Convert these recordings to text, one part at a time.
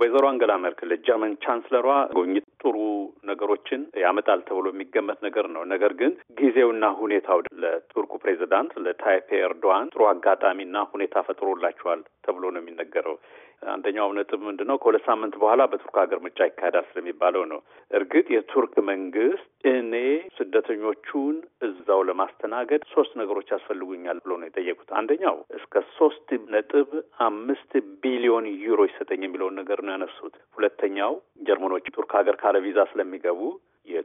ወይዘሮ አንገላ መርክል ጀርመን ቻንስለሯ ጎኝት ጥሩ ነገሮችን ያመጣል ተብሎ የሚገመት ነገር ነው። ነገር ግን ጊዜውና ሁኔታው ለቱርኩ ፕሬዚዳንት ለታይፔ ኤርዶዋን ጥሩ አጋጣሚና ሁኔታ ፈጥሮላቸዋል ተብሎ ነው የሚነገረው። አንደኛው ነጥብ ምንድን ነው? ከሁለት ሳምንት በኋላ በቱርክ ሀገር ምርጫ ይካሄዳል ስለሚባለው ነው። እርግጥ የቱርክ መንግስት እኔ ስደተኞቹን እዛው ለማስተናገድ ሶስት ነገሮች ያስፈልጉኛል ብሎ ነው የጠየቁት። አንደኛው እስከ ሶስት ነጥብ አምስት ቢሊዮን ዩሮ ይሰጠኝ የሚለውን ያነሱት። ሁለተኛው ጀርመኖች ቱርክ ሀገር ካለ ቪዛ ስለሚገቡ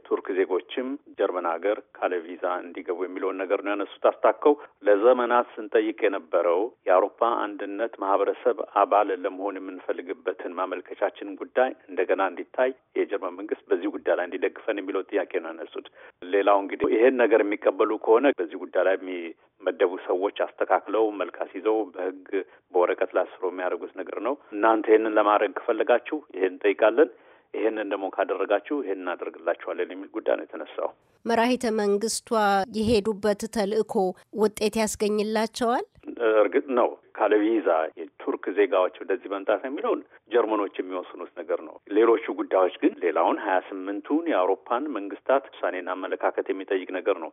የቱርክ ዜጎችም ጀርመን ሀገር ካለ ቪዛ እንዲገቡ የሚለውን ነገር ነው ያነሱት። አስታከው ለዘመናት ስንጠይቅ የነበረው የአውሮፓ አንድነት ማህበረሰብ አባል ለመሆን የምንፈልግበትን ማመልከቻችን ጉዳይ እንደገና እንዲታይ የጀርመን መንግስት በዚህ ጉዳይ ላይ እንዲደግፈን የሚለው ጥያቄ ነው ያነሱት። ሌላው እንግዲህ ይሄን ነገር የሚቀበሉ ከሆነ በዚህ ጉዳይ ላይ የሚመደቡ ሰዎች አስተካክለው መልካስ ይዘው በህግ በወረቀት ላይ የሚያደርጉት ነገር ነው። እናንተ ይህንን ለማድረግ ከፈለጋችሁ ይህን እንጠይቃለን። ይሄንን ደግሞ ካደረጋችሁ ይሄን እናደርግላችኋለን የሚል ጉዳይ ነው የተነሳው። መራሂተ መንግስቷ የሄዱበት ተልእኮ ውጤት ያስገኝላቸዋል። እርግጥ ነው ካለቪዛ የቱርክ ዜጋዎች ወደዚህ መምጣት የሚለውን ጀርመኖች የሚወስኑት ነገር ነው። ሌሎቹ ጉዳዮች ግን ሌላውን ሀያ ስምንቱን የአውሮፓን መንግስታት ውሳኔና አመለካከት የሚጠይቅ ነገር ነው።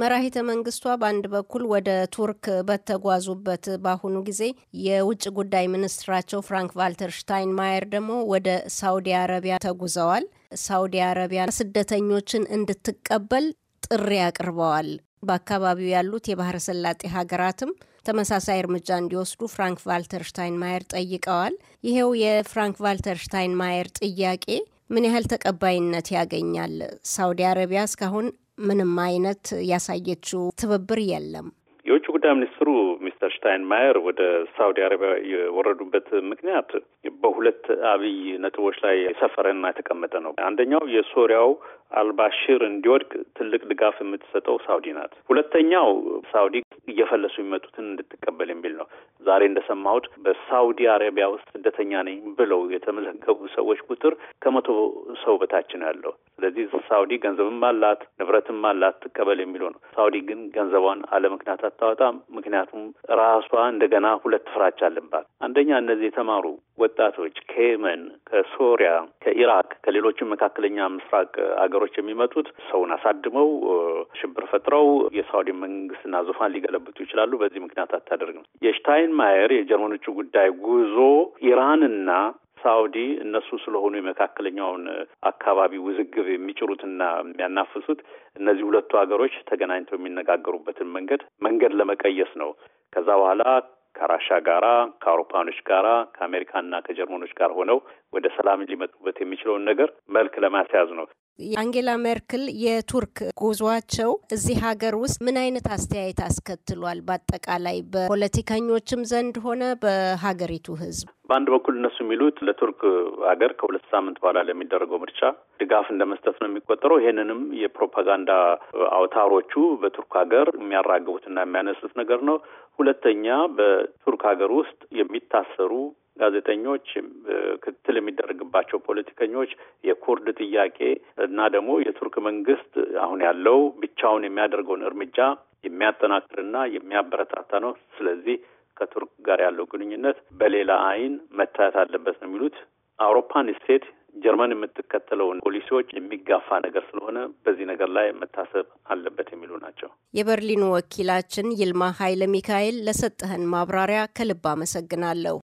መራሂተ መንግስቷ በአንድ በኩል ወደ ቱርክ በተጓዙበት በአሁኑ ጊዜ የውጭ ጉዳይ ሚኒስትራቸው ፍራንክ ቫልተር ማየር ደግሞ ወደ ሳውዲ አረቢያ ተጉዘዋል። ሳውዲ አረቢያ ስደተኞችን እንድትቀበል ጥሪ አቅርበዋል። በአካባቢው ያሉት የባህረ ሰላጤ ሀገራትም ተመሳሳይ እርምጃ እንዲወስዱ ፍራንክ ቫልተር ማየር ጠይቀዋል። ይሄው የፍራንክ ቫልተር ማየር ጥያቄ ምን ያህል ተቀባይነት ያገኛል? ሳውዲ አረቢያ እስካሁን ምንም አይነት ያሳየችው ትብብር የለም። የውጭ ጉዳይ ሚኒስትሩ ሚስተር ሽታይን ማየር ወደ ሳውዲ አረቢያ የወረዱበት ምክንያት በሁለት አብይ ነጥቦች ላይ የሰፈረና የተቀመጠ ነው። አንደኛው የሶሪያው አልባሽር እንዲወድቅ ትልቅ ድጋፍ የምትሰጠው ሳውዲ ናት። ሁለተኛው ሳውዲ እየፈለሱ የሚመጡትን እንድትቀበል የሚል ነው። ዛሬ እንደሰማሁት በሳውዲ አረቢያ ውስጥ ስደተኛ ነኝ ብለው የተመዘገቡ ሰዎች ቁጥር ከመቶ ሰው በታች ነው ያለው። ስለዚህ ሳውዲ ገንዘብም አላት ንብረትም አላት ትቀበል የሚለው ነው። ሳውዲ ግን ገንዘቧን አለ ምክንያት አታወጣም። ምክንያቱም ራሷ እንደገና ሁለት ፍራቻ አለባት። አንደኛ እነዚህ የተማሩ ወጣቶች ከየመን፣ ከሶሪያ፣ ከኢራቅ፣ ከሌሎችም መካከለኛ ምስራቅ አገሮች የሚመጡት ሰውን አሳድመው ሽብር ፈጥረው የሳውዲ መንግስትና ዙፋን ሊገለብጡ ይችላሉ። በዚህ ምክንያት አታደርግም። የሽታይን ማየር የጀርመኖቹ ጉዳይ ጉዞ ኢራንና ሳውዲ እነሱ ስለሆኑ የመካከለኛውን አካባቢ ውዝግብ የሚጭሩትና የሚያናፍሱት እነዚህ ሁለቱ ሀገሮች ተገናኝተው የሚነጋገሩበትን መንገድ መንገድ ለመቀየስ ነው። ከዛ በኋላ ከራሻ ጋራ ከአውሮፓኖች ጋራ ከአሜሪካና ከጀርመኖች ጋር ሆነው ወደ ሰላም ሊመጡበት የሚችለውን ነገር መልክ ለማስያዝ ነው። የአንጌላ ሜርክል የቱርክ ጉዟቸው እዚህ ሀገር ውስጥ ምን አይነት አስተያየት አስከትሏል? በአጠቃላይ በፖለቲከኞችም ዘንድ ሆነ በሀገሪቱ ህዝብ በአንድ በኩል እነሱ የሚሉት ለቱርክ ሀገር ከሁለት ሳምንት በኋላ ለሚደረገው ምርጫ ድጋፍ እንደ መስጠት ነው የሚቆጠረው። ይሄንንም የፕሮፓጋንዳ አውታሮቹ በቱርክ ሀገር የሚያራግቡትና የሚያነሱት ነገር ነው። ሁለተኛ በቱርክ ሀገር ውስጥ የሚታሰሩ ጋዜጠኞች፣ ክትትል የሚደረግባቸው ፖለቲከኞች፣ የኩርድ ጥያቄ እና ደግሞ የቱርክ መንግስት አሁን ያለው ብቻውን የሚያደርገውን እርምጃ የሚያጠናክርና የሚያበረታታ ነው። ስለዚህ ከቱርክ ጋር ያለው ግንኙነት በሌላ አይን መታየት አለበት ነው የሚሉት። አውሮፓን ስቴት ጀርመን የምትከተለውን ፖሊሲዎች የሚጋፋ ነገር ስለሆነ በዚህ ነገር ላይ መታሰብ አለበት የሚሉ ናቸው። የበርሊኑ ወኪላችን ይልማ ኃይለ ሚካኤል ለሰጠህን ማብራሪያ ከልብ አመሰግናለሁ።